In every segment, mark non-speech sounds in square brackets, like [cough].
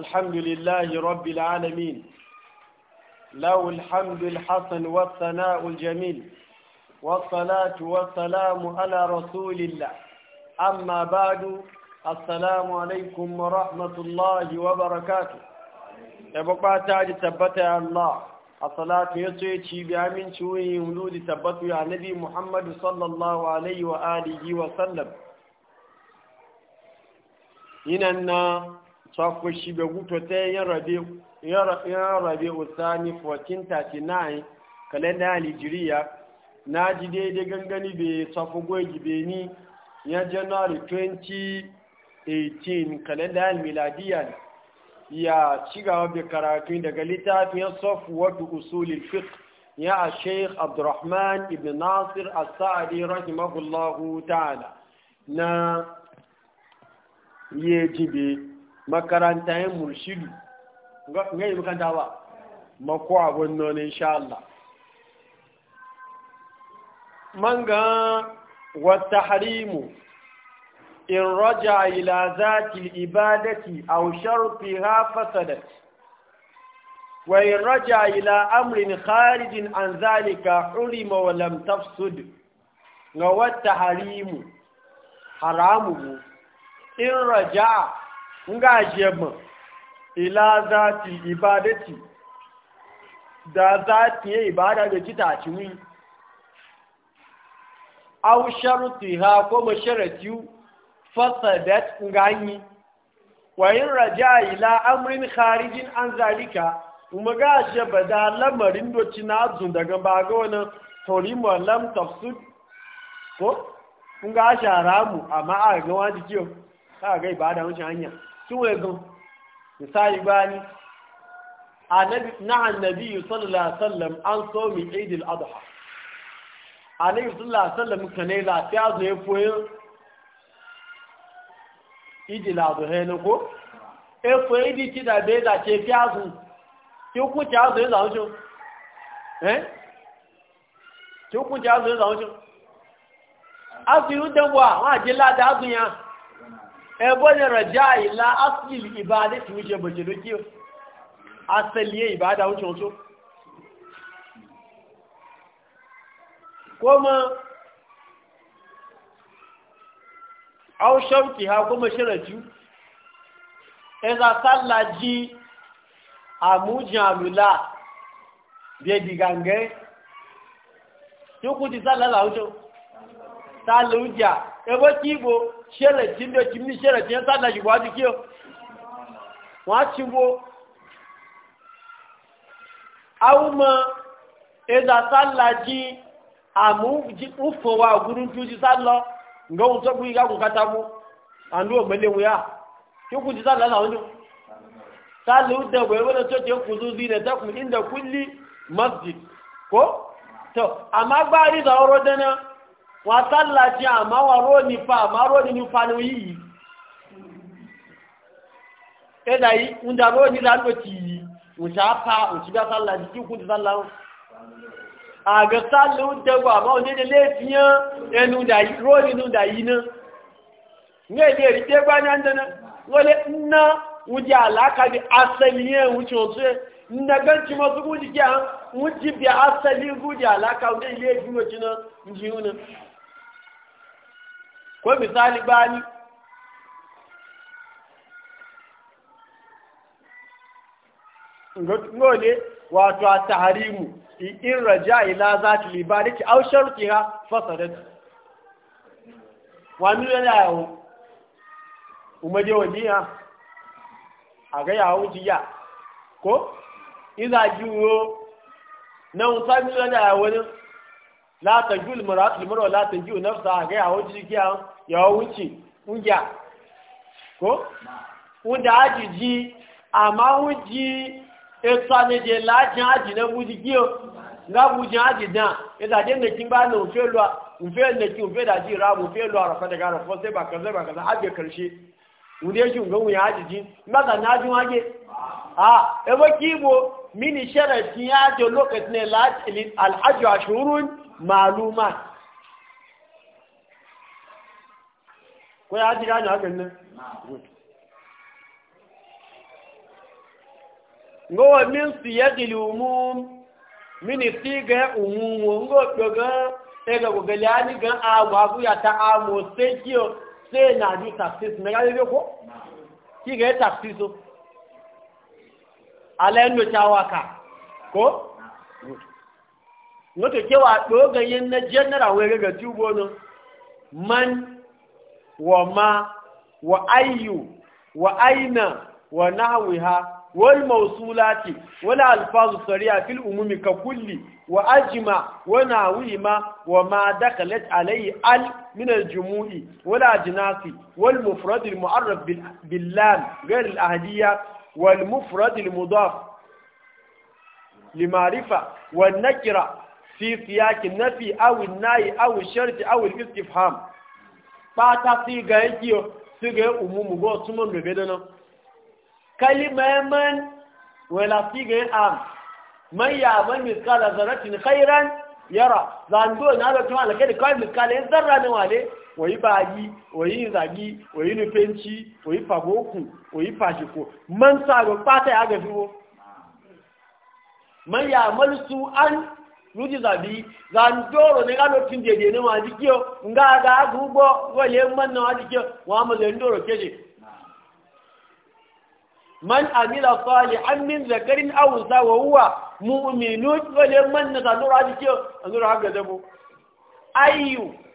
الحمد لله رب العالمين له الحمد الحسن والثناء الجميل والصلاة والسلام على رسول الله أما بعد السلام عليكم ورحمة الله وبركاته يبقى تعالي ثبت الله الصلاة يسويتي بأمين شوي ولود ثبت يا نبي محمد صلى الله عليه وآله وسلم يننا sako shi bai guto ta yan rabe usani 1439 kalenda alijiriya na ji daidai gangani bai sako gwegi bai ni ya januari 2018 kalenda miladiya ya cigaba bai karatu daga littafin ya sofu wadda usulin ya a sheik abdurrahman ibn nasir as-sa'adi rahimahullahu ta'ala na yejibe makaranta yin murshidu ngai makaranta ba mako abun nan insha Allah manga wa tahrimu in raja ila zati ibadati aw ha fasadat wa in raja ila amrin kharijin an zalika ulima wa lam tafsud ga tahrimu haramu in raja nga ajiyama ila zati ibadati da zati ya ibada da kita ci wi aw sharuti ha ko masharati fasadat ngani wa in raja ila amrin kharijin an zalika kuma ga ba da lamarin doci na zun daga ga wani torimu lam tafsud ko kun ga sharamu amma a ga wani kiyo ka ga ibada wancan hanya kiwe gan misali bani na annabi sallallahu alaihi wasallam an so idil adha annabi sallallahu alaihi wasallam kane la ta ya foyo idil adha ne ko e foyo idi da be da ya ya je ya ẹgbọ́n raja ìlà asìlì ìbádẹ́ tí wúṣe bọ̀jẹ̀ lókí asẹ́lẹ̀ ìbádà wúṣe ọ̀tọ́ kọmọ aushon ti ha kọmọ ṣírẹ̀jú ẹza sálà jí àmújìn àlùlá bí ẹ̀dì gàngẹ́ tí ó ta luja ebo kibo shere jindo jimni shere jindo ta na jiwa dikio wa chibo awuma eza sallaji amu ufo wa gurun tuji sallo ngawun to buyi ga kun katabu andu ogbele wuya ki kun ji sallo na wonu sallu da we wona to je kuzu zina ta kun inda kulli masjid ko to amma ba ri da oro dana wọ́n tààlà jẹ́ àmáwà ró nípa àmáró nínú fanu yìí ẹ̀dà yìí ń daró nílá ló ti yìí òṣàpá òṣìbá tààlà jí kí kún ti tààlà àgbẹ̀ tààlà ń tẹ́gbọ́ àmá onílé léèfihàn ẹnu ró nínú dà yìí ná ní èdè rí ní asali guji alaka wajen ko misali bani ngole wato a taharimu in raja ila za ta libari ki au sharuki ha fasadat wani yana yawo umaje wani ha a ga yawo jiya ko iza jiwo na wuta ni yana yawo ne la ta gul muratu limar la ta giyu nafsa ga yawo ciki yawo wuce ungiya ko wanda aji ji amma wuji ẹ̀sọ́ méje láti ájì náà bú jí kí o lábú jí ájì náà ìdàdé nìkí bá ní òfé lọ òfé nìkí òfé dàjí ìrà òfé lọ àrọ̀fẹ́ daga àrọ̀fọ́ sí bàkàzẹ́ bàkàzẹ́ ájì kàrṣe wùdé ṣùgbọ́n wùyàn ájì jí mẹ́ta ní ájú wájé ah ẹgbẹ́ kí ibo mini sharafin ya ajiye lokacin ne latin al'ajiyu a shurun maluma ko ya ji gani hakan nan ngowa min su ya gili umum mini ga bu ya ta se o se na ju taxis me ga ko ki ga taxis alayen lotawa ka ko? noto kewa ɗogayen na general wai ga tubo man wa ma wa ayyu wa aina wa nahwiha wal mausulati wal alfazu sariya fil umumi ka kulli wa ajima wa ma wa ma dakhalat alayhi al min al jumu'i wal ajnasi wal mufrad al mu'arraf bil lam ghayr al والمفرد المضاف لمعرفة والنكرة في سياق النفي أو الناي أو الشرط أو الاستفهام باتا سيغا يجيو سيغا أموم غو سمم ببدنا كلمة من ولا سيغا أم من يعمل مثقال ذرة خيرا يرى زاندو نادو توالا كده كل مثقال ذرة نوالي oyi baagi oyi wòyí oyi nupenci oyi fagoku wòyí fashiko man sago pata ya gafi wo man ya amalu su an ruji zabi zan doro ne ga lokin da ne ma dikiyo nga ga gugo wale man na dikiyo wa mọ́ zan doro keje man amila salihan wa man na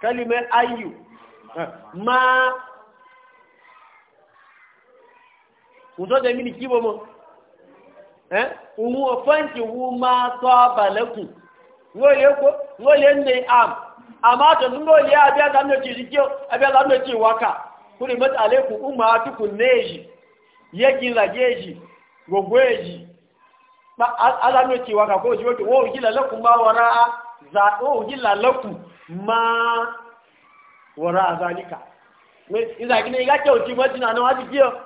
kalimar ayyu ma kuto da mini kibo mo eh umu fanki wu ma to balaku a ko ngole ne am amma to ngole ya biya da waka kuri mat alaiku umma tu kuneji yaki lageji gogweji ba ala no waka zaɓo wuji lalaku ma wara a zalika iza gina iga kyauci wajen na wajen biyo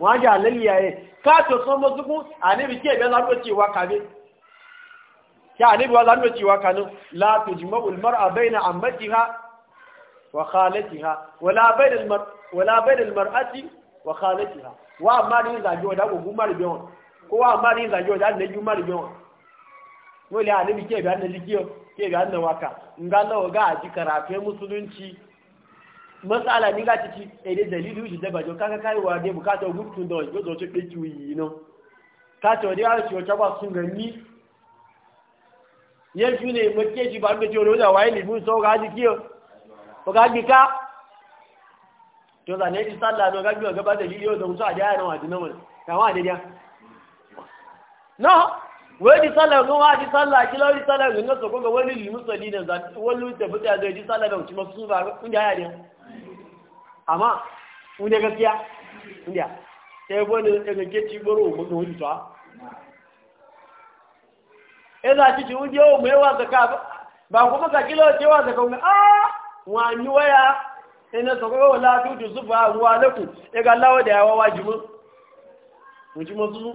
wajen alaliya ya ka to son mazugun a ne bi ke bai zaɓo cewa kabe ya a ne bi wa zaɓo cewa bai na ha ha wala bai da ha wa amma ko wa amma wani alibi ke biya na jikiyo ke biya na waka ga aji karafe musulunci matsala ni ga ciki ɗaya eh, dalilu shi daba jo kaka kai wa dai bukata gutun da wajen zo yi no ka ce dai a wata ba sun gani yanzu ne mace shi ba da ci wani wajen waye libin sau ga aji ko ga aji ka to zane shi sallah no ga biyu gaba dalili yau da mutu a daya na wani kama no Wedi sallah ga wani sallah kila wani sallah ga nasu ga wani limusali da wali wani tafi ta zai ji sallah da wuce masu ba kun ya yare amma kun ya gaskiya kun ya sai wani daga ke ci baro mu da wani tsawa eh za ci ci wani wasa ka ba kuma ka kila ce wasa ka a ah! wani waya ina ruwa ya ga lawa da yawa wajibi ji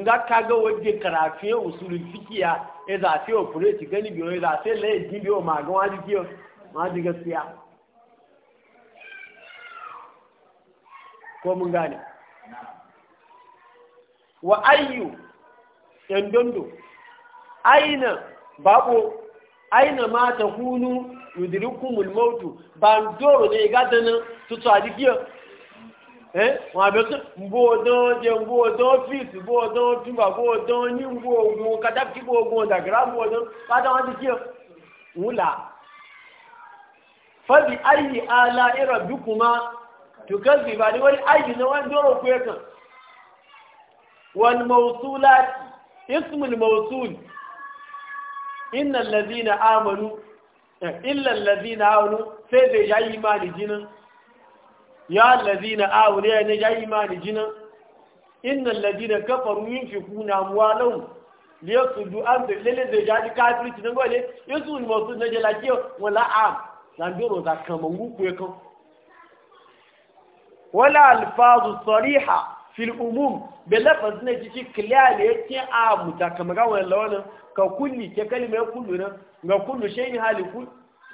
nga kaga wadde karafiye usulul fikiya e za ta operate gani biyo e za ta lai ji biyo ma ga wani kiyo ma ji gaskiya ko mun gane wa ayyu yan dondo aina babo aina ma ta hunu yudrikumul mautu ban doro ne ga dana tutu adikiyo Eh, wọn àbẹ̀tún mbó ọdán jẹ mbó ọdán ọ́fíìsì mbó ọdán túmbà mbó ọdán ní mbó ogun kátàkì mbó ogun ọ̀dàgàrà pátá wọn ti kí ọ fọ́bi ayi ala irọ̀ dúkùmá tùkẹ́sì ìbàdí wọ́n ayi ni wọ́n dọ́rọ̀ kú ẹ̀ kàn. والموصولات اسم الموصول إن ya lazina awul ya ne jayi imani jina innal ladina kafaru yunfikuna amwalahum liyasudu an da lele da jaji kafirci nan gole yesu ni mo sun naje lakiyo wala am lan doro da kamangu ku yakan wala alfazu sariha fil umum bi lafaz ne ji clear ne yake a mutakamaga wannan lawanin ka kulli ke kalmar kullu nan ga kullu shay'in halikun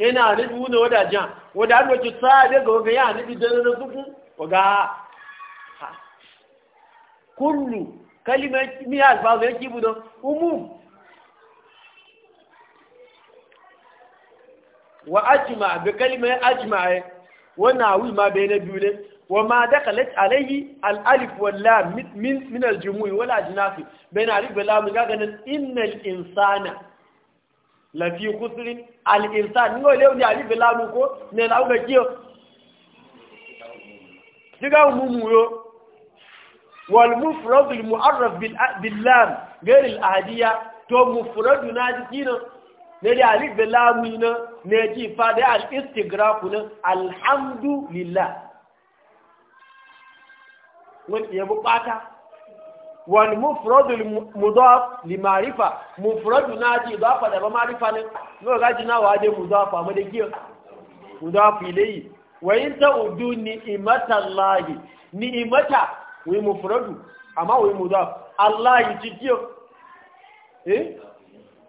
ina anabi wuna wada jan wada an wace sabe ga waga ya anabi da na zuku waga kullu kalimar mi alfazu yake don umu. wa ajma bi kalimar ajma na awi ma bai na biyu ne wa ma dakalat alayhi al-alif wal lam min min al-jumu'i wal ajnasi bain alif wal lam ga ganin innal insana lafi kusurin al'irsan ní olè òní àríbẹ̀ láàrùn kó ní ẹ̀nà ọgbẹ̀ kí o ṣígá òmúmú yóò wọlmú fúrọ́gùn mú arọ̀f billam gẹ́rìl àdíyá tó mú fúrọ́gùn náà ti kínà nílé àríbẹ̀ láàrùn iná ní ẹjí ìfàdé al'istigrafu náà alhamdulillah Mun ti yẹ Wani mufradul mudaf li ma'rifa mufradu na ji idafa da ba ma'rifa ne no ga ji na waje mudafa mu da kiyo mudaf ilayhi wa in ta'udu ni'mata allah ni'mata wi mufradu amma wi mudaf allah ji kiyo eh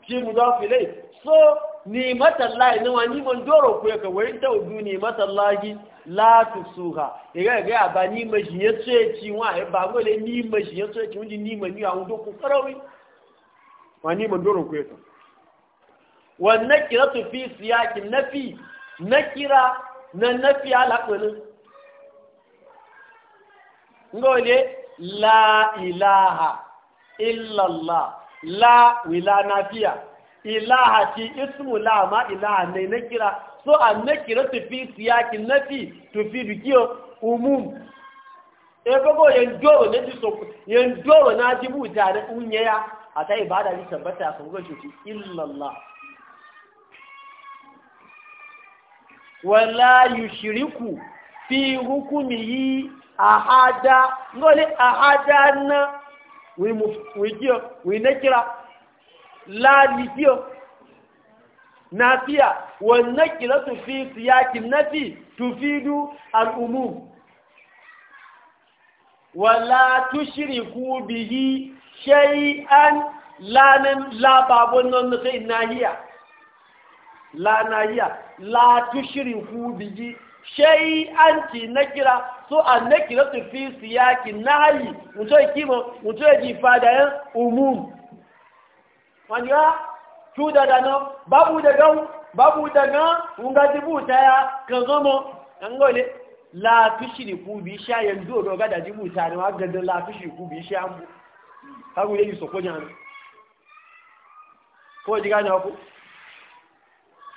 ki mudaf ilayhi so ni ni'mata allah ne wa ni mon doro ku ya ka wa in ta'udu ni'mata allah láti sùhà ìrẹ́ ìrẹ́ àbá ní ìmọ̀ ìṣìyẹ́ tó ẹ̀kí wọn àìbá wọ́n lè ní ìmọ̀ ìṣìyẹ́ tó ẹ̀kí wọ́n di ní ìmọ̀ ní àwọn tó kún fẹ́rẹ́ ní ìmọ̀ kú nẹ́kìrá tó fi sí nẹ́kìrá na nẹ́fì alápẹ̀lẹ́ ngọ́ ilé láìláha ìlàlá láìlá náfíà ìláha ti ìsúmù nẹ́kìrá so annakira tufi siyakin nafi tufi dukiyo umum e bago yan doro ne ji so yan doro na ji buta da kunyaya a ta ibada ni tabbata ko ga shi illa Allah wala yushriku fi hukumihi ahada ngole ahada na wi mu wi kira la ni nafiya wannan su fi siyakin nafi tufidu al’umu wala tushriku bihi shay'an an lanin babun nan sai nahiya la nahiya la tushriku bihi shay'an ti nakira so an nakira su fi siyakin nahi mutoy kimo mutoy ji fada yan umum wani ya su da dano babu da gan babu da gan unga ta ya ka zomo an gole la tushiri ku bi sha yanzu do ga da ta ne wa da la tushiri ku bi sha mu ka gure yi soko jan ko diga na ku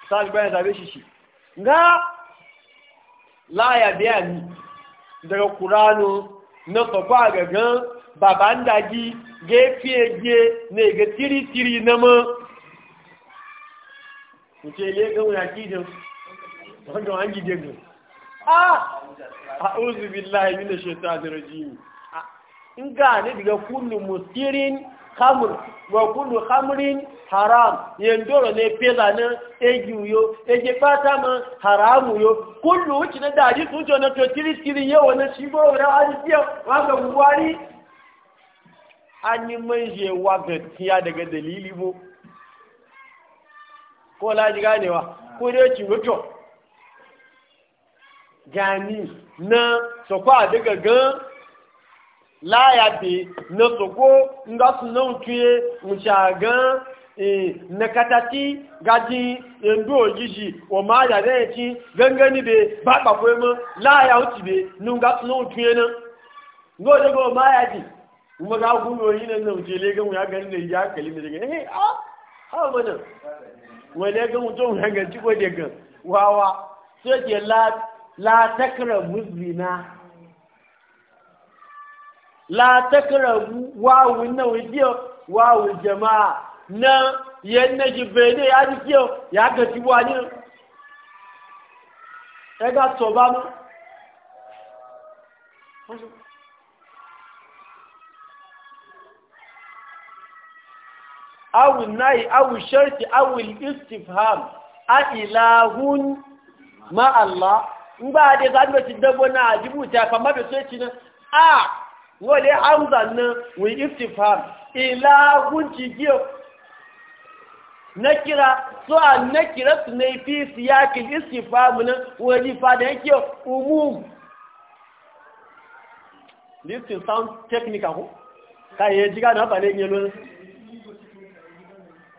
sai ba da be shi shi nga la ya biya ni daga qur'anu na ko ga gan baba ndaji gefiye je ne ga tiri tiri na mu ce le ga wani kijin wanda an gide gan a uzu billahi minash shaitani rajim in ga ne daga kullu musirin khamr wa kullu khamrin haram yendoro ne pela na egiyo eje pata ma haramu yo kullu uchi na daji tujo na to tiri tiri yo na shibo ra ajiya wa ga buwari yi manje wa ga tiya daga dalili bo ko laji ganewa ko dai ci mutu gani na sokwa daga gan láyàdé na sokwo nga su nan tuye mushagan na e, katati gaji yanzu e, ojishi wa ma da zai ci gangani be ba kwakwai mu laya wuce be nun ga su nan tuye nan ngo daga wa ma ya ji kuma ga gudu yi nan nan wuce legan ya gani da ya kalli da daga eh ah hawa mana wani ga mutum hanganci ko daga wawa sai ke la takrabu zina la takrabu wawu na wajiyo wawu jama'a na yanna ji bene ya ji kiyo ya ga ti wani ya ga ba mu أو الناي awul sharti أو الاستفهام a ما الله بعد in ba da za ta ci dabo na ajibu ta kama da sai ci na a wale hamza nan wi istifham ilahun ci na kira sound technical kai ya na ba ne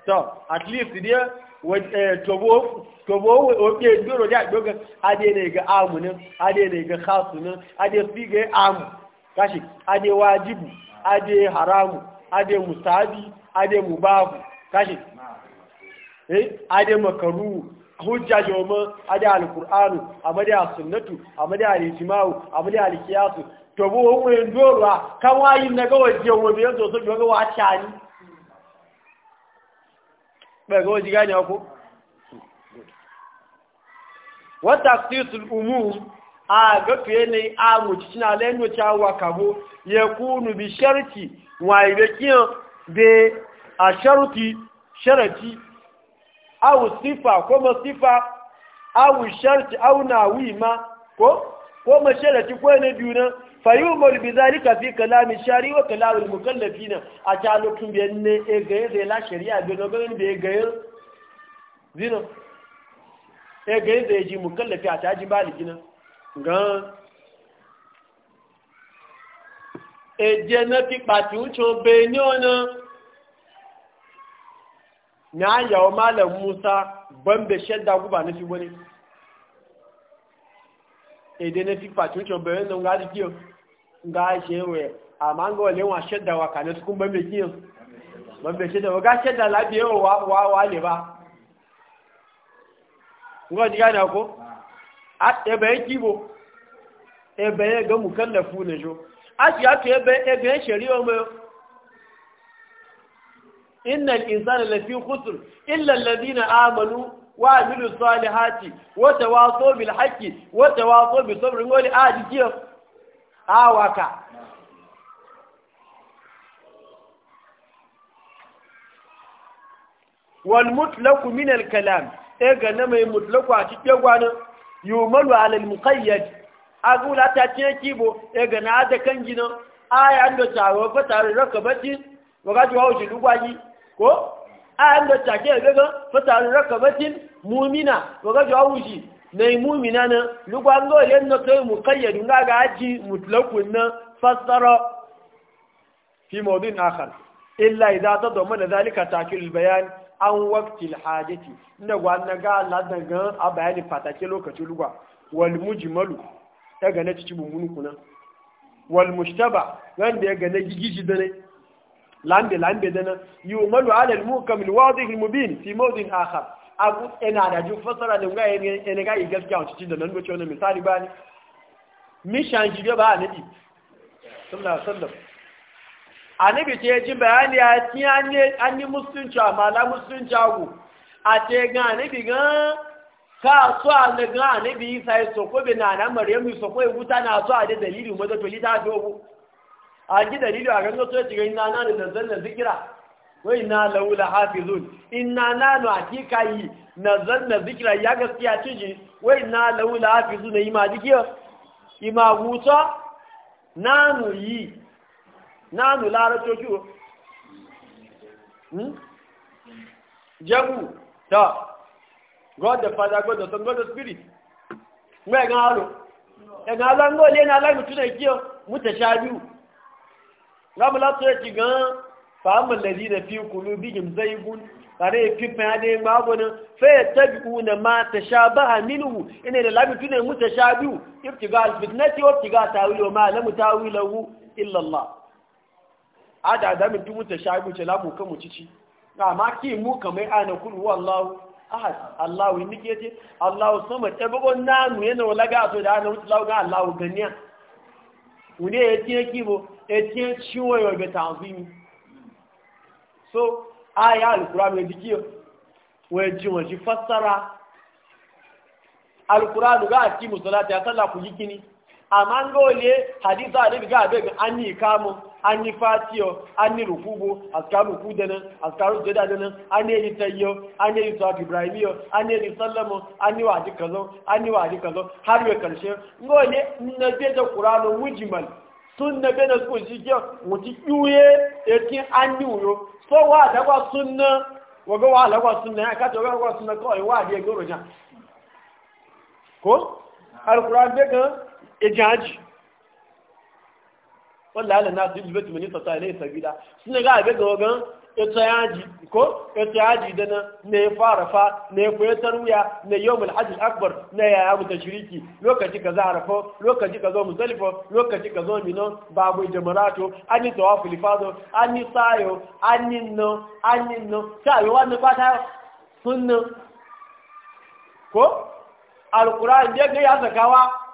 so at least dia eh, tobo tobo ke duro ja doga ade ne ga amunin ade ne ga khasunin ade fi ga amu kashi ade wajibu ade haramu ade musabi ade mubahu kashi eh ade makaru hujja joma ade alqur'anu amade sunnatu amade al amade al-qiyas tobo wo ndoro kan wayin naga waje wo biyo so so ga wa chani ɓaga waje gane ko wata sisul a gafi yanayi a mutu suna lendo kabo ya kunu bi sharki waye da kiyan da a sharki sharati awu sifa ko sifa awu sharki awu ko ko masharaci kwaya na biyu nan fayu mol bi zalika fi kalami shari wa kalamul mukallafina a ta lokacin da ne e ga da la shari'a da ga ne da ga zino e ga da ji mukallafi a ta ji baliki nan gan e je na ti pati un cho be ni ona nya ya o malam musa bambe shedda guba na fi wani èdè ní fífà tí ó ṣe obìnrin náà ń ń gá ṣe rẹ̀ àmà ń gọ́ léwọn wà kà ní sukún bẹ́ẹ̀ méjì o ṣẹ́dà wọ́n gá ṣẹ́dà lábẹ́ ò wá lè bá. ngọ́ ti gáàdì a inna al-insana lafi khusr illa alladhina amanu wa amilu salihati wa tawaso bil haqqi wa tawaso bi sabr ngoli a dikiyo awaka wal mutlaq min al kalam e ga na mai mutlaq a cikin gwanin yumalu ala al muqayyad agula ta ce kibo e ga na da kan gina aya da tawo fa tare bati wa ga ji wa ko ayan da take ga ga fatar rakabatin mumina to ga jawu shi nay mumina na an go yan na kai muqayyad nga ga aji mutlaqun na fasara fi mawdin akhar illa idza tadamma dhalika ta'kil al-bayan an waqtil hajati inda gwa na ga Allah daga a bayani fatake lokaci lugwa wal mujmalu daga na cikin bumbunku nan wal mushtaba wanda ya ga na gigiji da ne lambe lambe dana yumalu ala al-mukam al-wadih al-mubin fi mawdin akhar abu ina da ju fasara da ngai ne ga yi gaskiya cikin da nan goce wannan misali ba ne mishan jibe ba ne di sallallahu alaihi wasallam annabi ce ji bayani a tiyan ne an yi musulunci amma la musulunci agu a ce ga anabi ga ka so a ga annabi sai e so ko be na na Maryam so ko e wuta na so a da dalili mu da lita dogo a ji dalili a ganin so shiga ina nanu da zanna zikira wai na laula hafizun ina nanu hakika yi na zanna zikira ya gaskiya ciji wai na laula hafizun yi ma jikiya ma wuta nanu yi nanu larato kiwo hmm? jagu ta god the father god the son god the spirit mai gan aro ẹ̀gàn alágbó lé ní alágbùtúnà kí o mú tẹ̀ṣáájú ngabu la to yake gan fa'amal ladina fi qulubihim zaygun kare fi fade magonin fa yattabi'una ma tashabaha minhu ina da labi tunai mutashabihu ibtiga alfitnati wa ga tawil wa ma lam tawilahu illa Allah ada da min tumu tashabihu ce labu kan mu cici na ma ki mu kamai ana kul wallahu ahad Allahu nike ce Allahu samad e bugon nanu yana wala ga to da ana mutu Allah ga Allahu ganiya wùdí ẹ̀tíẹ́ kí mo ẹ̀tíẹ́ tí wọ́n yọ ìbẹ̀ta so ayá alùkúrá mi ẹ̀dí kí o wọ́n jí wọ́n jí fására alùkúrá lùgá àti mùsọ̀lá ti asálà yí amma an gole hadisa a daga abin an yi kamun an yi fatiyo an yi rukubo askaru kudanin askaru jadadanin an yi tayyo an yi sa'ad ibrahimiyo an yi sallamo an yi wadi kazo an yi wadi kazo har yi karshe gole na beta kuranu mujimal sun na bena su shi ke wuti yuye yakin an yi wuyo so wa dagwa sunna waga wa lagwa sunna ya kata waga lagwa sunna kawai wa da ya goro jan ko alkuran daga ejin haji wallah ala nasu yi zubetu mani sata ne su ne ga abe ga wagan ita yaji ko ita yaji da na ya fara fa na ya koyi tarwiya na yau mul hajji akbar na yaya mu ta shiriki lokaci ka zahara fa lokaci ka zo musalifa lokaci ka zo mino babu jamarato an yi tawafu lifado an yi sayo an yi no an yi no sayo wani fata sunna ko alkur'an da ya ga ya zakawa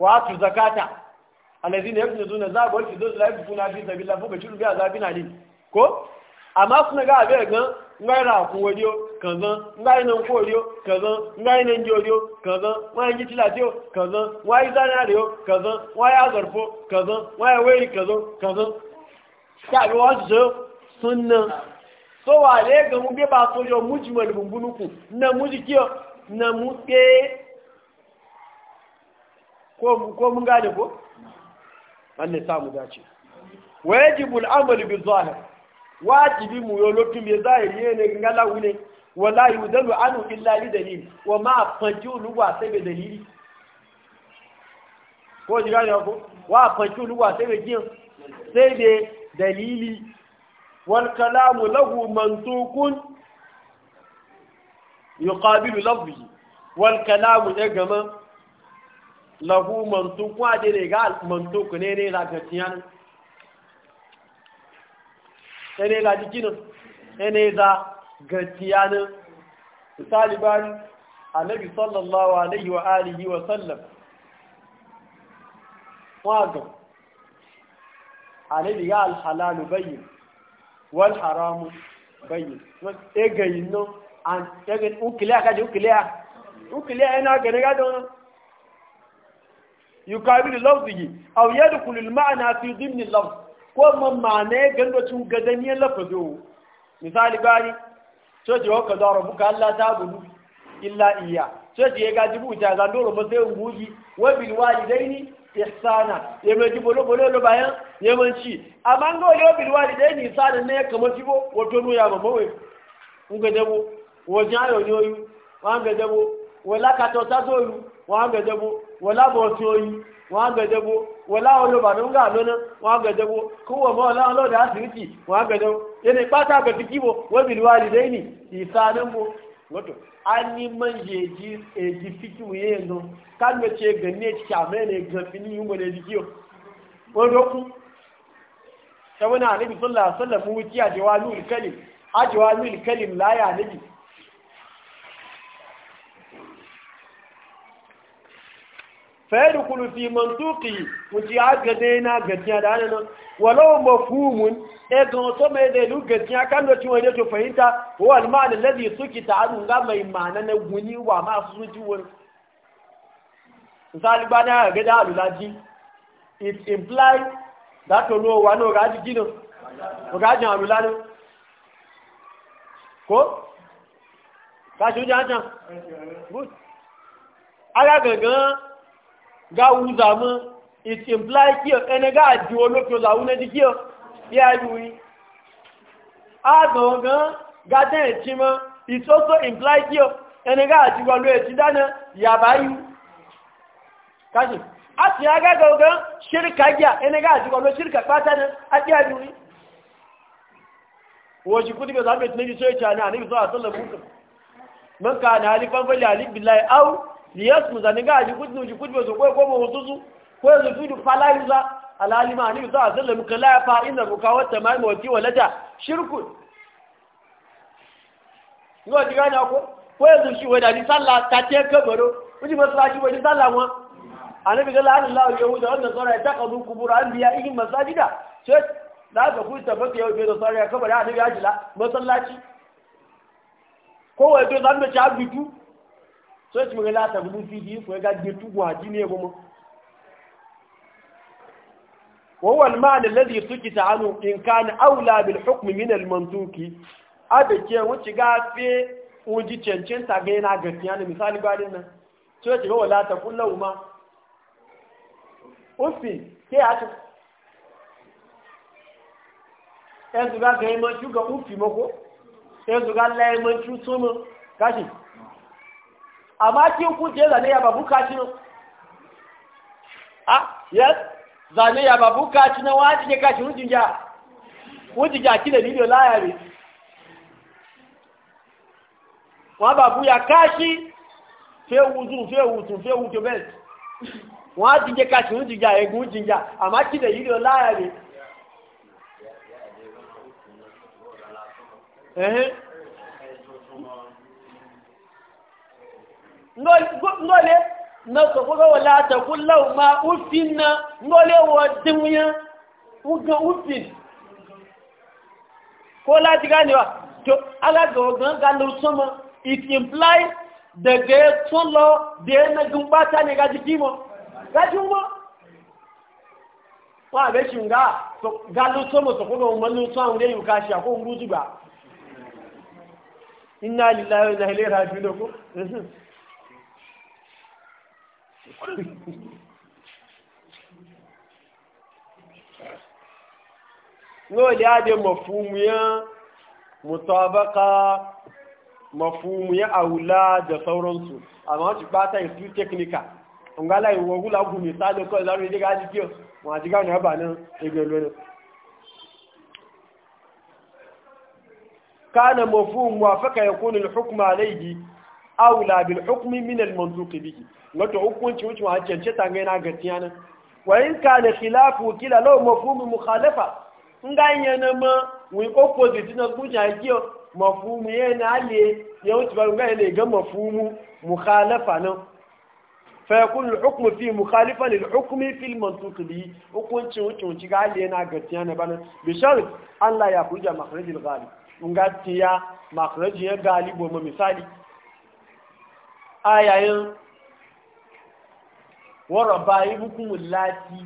watu zakata alladhina yabtuna zaba wal fidus la yabtuna fi sabilillah fuka shiru bi azabin ali ko amma suna ga abe gan ngai ra ku wadiyo kazan ngai nan ko wadiyo kazan ngai nan jodiyo kazan wai ji tilatiyo kazan wai zana riyo kazan wai azarfo kazan wai wai kazan kazan ta ga wasu sunna so wale ga mu be ba so yo mujmal bumbunuku na mujikiyo na muke ko mun gane ko Allah sa mu dace wajibul amali bi zahir wajibi mu yo lotu me zahiri ne ngala wune wala yudalu anhu illa li dalil wa ma faju luwa sai be dalili ko ji gane ko wa faju luwa sai be jin sai dalili wal kalamu lahu mantukun yuqabilu lafzi wal kalamu ya gama lahu mantuk wa de ne ga mantuk ne ne la ga tiyan ne ga jikin ne ga ga tiyan taliban annabi sallallahu alaihi wa alihi wa sallam waga annabi ya al halalu bayyin wal haramu bayyin e gayin no an e ga ukiliya ka ukile ukiliya ukiliya ina ga ne ga yukabilu lafzihi aw yadkhulu al-ma'na fi dhimni al-lafz ko man ma'ana gando cin gadaniyar lafazo misali gani so ji haka da rabbuka Allah ta gudu illa iya so ya gaji buta ga dole ba sai nguji wa bil walidaini ihsana ya mai bolo bolo lo bayan yamanci amma ngo yo bil walidaini ihsana ne kamar wato wajen wala ta zo wọ́n gẹ̀dẹ́gbó wọ́n lábọ̀ tí ó yí wọ́n gẹ̀dẹ́gbó wọ́n láwọn olóbàdàn ń gà lónà wọ́n gẹ̀dẹ́gbó kúwọ̀ mọ́ ọ̀láwọn lọ́dà àṣíríkì wọ́n gẹ̀dẹ́gbó yẹni pátá àgbẹ̀tì wọ́n bìrì wato an ni man fiki wuye yanzu kan ce ne ga fini yi mune jiki yau ta wani anabi sallallahu alaihi wasallam mu wuciya a jawami ulkalim la anabi fayar kulu fi mantuki wuce a gade na gajiya da hannun walau mafhumun e ga wato mai ilu gajiya kan da ciwon yato fahimta wa alma'ana lazi suke ta hannun ga na wa su ga wuza mu it imply kiyo ene ga di olokyo za wune di kiyo ya yuyi a gangan ga den eti mo it also imply kiyo ene ga di walo eti dana ya bayu kashi a ti aga gangan shirka giya ene ga di walo shirka pata na a ti ya yuyi wajen kudi ga zaɓe tunaji sai cana a nufi zuwa sallar mutum man ka na halifan fali halif billahi au liyasmu zani ga ji gudu ji gudu so ko ko mutusu ko yanzu fidu falaiza alalima a sa sallam kala fa inna buka wa tamam wa ti walata shirku ngo diga na ko ko yanzu shi wada ni sallah ta te kabaro uji masallaci ni salla wa annabi ga Allah yahuda wannan sura ta qadu kubur anbiya ihin masajida sai da ka ku bata yau bai da sura kabara annabi ajila masallaci ko wai to zan da ci abitu so ti mọ̀rẹ́ látàrí ló fi di ipò ẹgá gbé túgbò àjí ní ẹgbọ́n mọ́ wọ́n wọ́n máa nà lẹ́dí ìtúkì tàánù nǹkan ní áwùlábì hukumi min almantuki abẹ̀kẹ́ wọ́n ti gá fẹ́ wọ́n jí cẹ̀ncẹ̀n tàgé na gẹ̀sì yánà misali gbá nínú so ti wọ́n látàkú lọ́wọ́ ma ó sì ké su ẹ̀sùn gá gẹ̀ẹ́ mọ́ ṣúgà ó fi mọ́kó ẹ̀sùn e gá lẹ́ẹ̀mọ́ e ṣú sọ́mọ́ kashi? ki ku kuje zane ya babuka kaci a ah, yes zane ya babuka kaci na wani ke kaci hujin ja hujin ja kile video layari wa babu ya kashi fe wuzu fe wutu fe wutu bẹẹ wọn ti jẹ kaci hujin ja egun hujin ja amma kile video layari. ngole na so ko wala ta kullau ma ufinna ngole wa dunya uga ufin ko la diga ni wa to ala go gan ga lu soma it imply the gate so lo de na gumbata ne ga jikimo ga jumo wa be shinga so ga lu soma so ko go malu so an de yuka shi ko nguzu ba inna lillahi wa inna ilaihi raji'un Lọ́ọ̀lì adé mọ̀fúnmu yẹn, mutabaka mọ̀fúnmu yẹn àwùlá da sauransu, àmọ́ ti pátá ìsú tẹ́kníkà. Ngálà ìwọ̀ wúlà gùn mi sáré kọ́ ìlànà ìdí gáàjì kí ọ, wọ́n àti gáàjì àbà náà ẹgbẹ̀ lónìí. Kánà mọ̀fúnmu àfẹ́kà ẹ̀kún ní hukuma aléyìí aula bil hukmi min al manzuq bihi wato hukunci wuce wa cance tanga ina gaskiya nan wa in kana khilafu kila law mafhumu mukhalafa nganya ga yana ma we opposite na buja giyo mafhumu yana ale ya wuce ba ga ne ga mafhumu mukhalafa nan fa yakun al hukm fi mukhalifa lil hukmi fi al manzuq bihi hukunci wuce wuce ga ale na gaskiya ne bana bi shart Allah ya kuja makhrajil ghalib in ga tiya ghalib wa misali ayayin wara bayi hukumun lati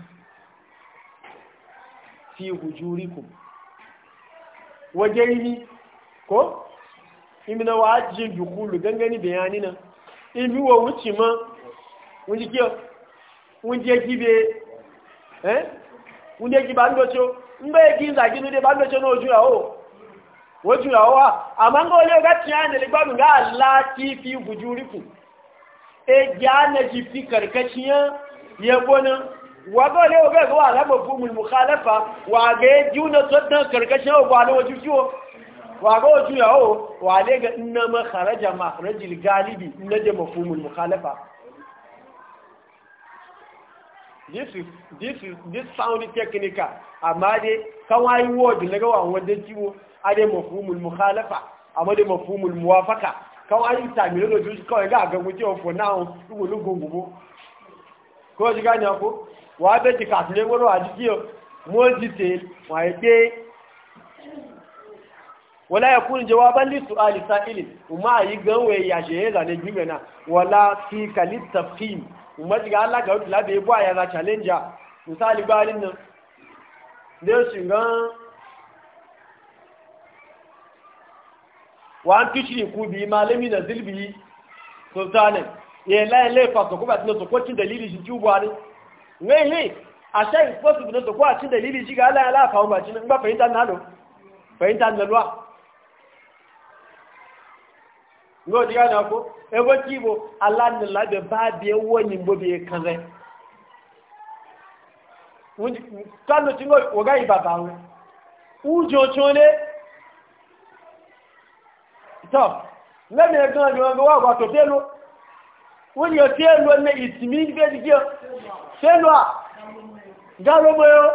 fi hujuriku wajen yi ko imina wa ajiyar dukulu gangani bayani nan bi wa wuce ma wunji kiyo wunji ya kibe eh wunji ya kiba ndocho mbe ya kinza kinu de ba ndocho na ojú ya o ojú a ma wa amma ga ole ga tiyan da ligbamin ga lati fi hujuriku. e gyana jifi karkaciyar yabonin wazo ne oge ga alama gumul mukhalafa wa ga ya juna tsaddan karkashin wa gwale wa jukiwo wa ga wajen yawo wa ne ga ina makaraja makarajil galibi na da mafumul mukhalafa this is this is this sound technical amma dai kawai word daga ga wa wajen kiwo a da mafumul mukhalafa amma da mafumul muwafaka káwọn ayé ìtàmì lójú kọ́ ẹ̀gá àgbẹ̀mú tí ó fò náà lúgbò lúgbò gbogbo kó o ti ká ní ọkọ́ wọ́n á bẹ́ẹ̀ ti kàtúlé gbọ́dọ̀ àdíjí ọ wọ́n ti tè wọ́n àyè pé wọ́n láyé kú ní jẹ́wọ́ bá lìtù àlìsá ilẹ̀ ọmọ àyè gánwé ìyàṣẹ́ yẹn lànà ìgbìmọ̀ náà wọ́n lá fi kàlítà fíìm ọmọ ti ká alága òtù lábẹ́ ibú àyàrá challenger misali gbáà nínú lẹ́sùn gan wa an ku bi ma lam yunzil bi sultanan ye la le fa to ko ba tino to ko tin dalili shi ju bwani ngai he a sai possible to ko a tin dalili shi ga Allah ala fa ba tin ba fahimta na do fahimta na lwa ngo diga na ko e go kibo ala ni la be ba biye woni mbo be kanre kanu tingo ogai baba we ujo chole stop lẹ́nu ẹ̀gbọ́n ọjọ́ ọgbọ́n wà wàtò tẹ́lú wọ́n [laughs] ni ọtí ẹ̀lú ẹ̀mẹ ìtìmí gbé ti jẹ́ tẹ́lú à gálọ́mọ́ yóò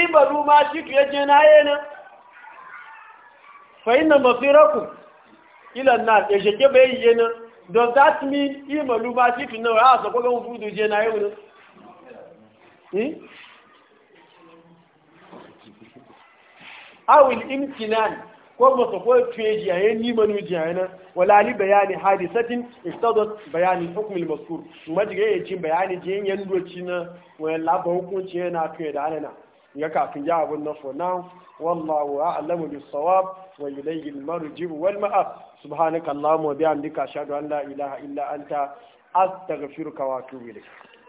ìbàdú máa ṣí kìí jẹ́ náyé náà fẹ̀yìn na mọ̀fírọ́kù ilẹ̀ náà ẹ̀ṣẹ̀kẹ́ bẹ́ yìí náà does that mean ìmọ̀lú máa ṣí kìí náà awil imtinan ko masa ko tuye jiyaye ni manu jiyaye ayana wala li bayani hadisatin istadat bayani hukm al mazkur ma ji yayin cin bayani jin yan doci na wala laba hukunci yana tuye da alana ya kafin ya abun nan for now wallahu a'lamu bis sawab wa ilayhi al marji wal ma'ab subhanaka allahumma wa bihamdika ashhadu an la ilaha illa anta astaghfiruka wa atubu ilayk